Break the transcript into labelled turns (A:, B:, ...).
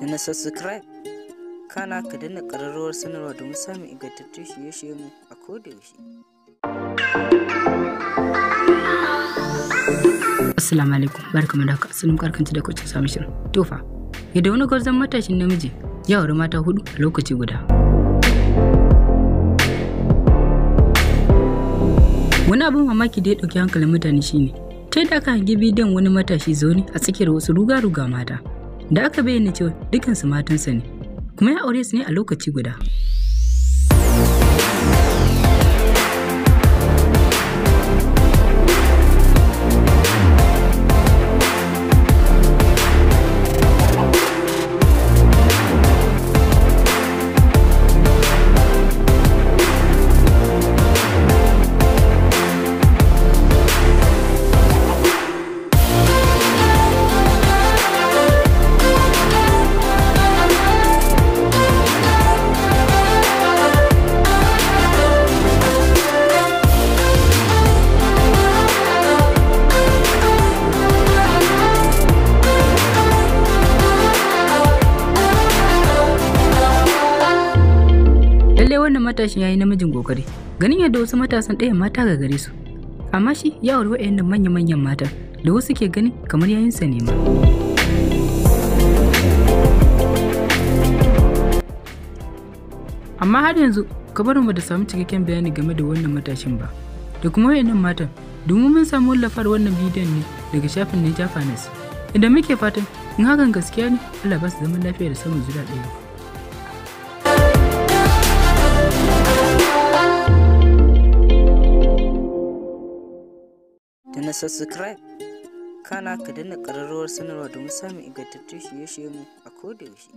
A: da na subscribe kana ka dana kararrawar sanarwa domin samun ingantattun shirye-shirye mu a kodayaushe.
B: Assalamu alaikum barka da haka sunan karkanta da kwacin samun shirin tofa yadda wani gwarzon matashin namiji ya wuri mata hudu a lokaci guda. Wani abin mamaki da ya ɗauki hankalin mutane shine ta yadda aka hangi bidiyon wani matashi zaune a tsakiyar wasu ruga-ruga mata. da aka bayyana cewa dukansu matansa ne kuma ya aure su ne a lokaci guda matashin ya yi namijin kokari ganin yadda wasu matasan ɗaya mata ga gare su amma shi ya auri wa'annan manya-manyan mata da wasu ke gani kamar sa ne ma. amma har yanzu ka bar mu da samu cikakken bayani game da wannan matashin ba da kuma wayannan matan domin mun samu wallafar wannan bidiyon ne daga shafin Niger Finance idan muke fatan in hakan gaskiya ne Allah ba su zaman lafiya da samun zuwa ɗaya
A: da na subscribe kana ka danna ƙararrawar sanarwa domin samun ingantattun shirye mu a kodayaushe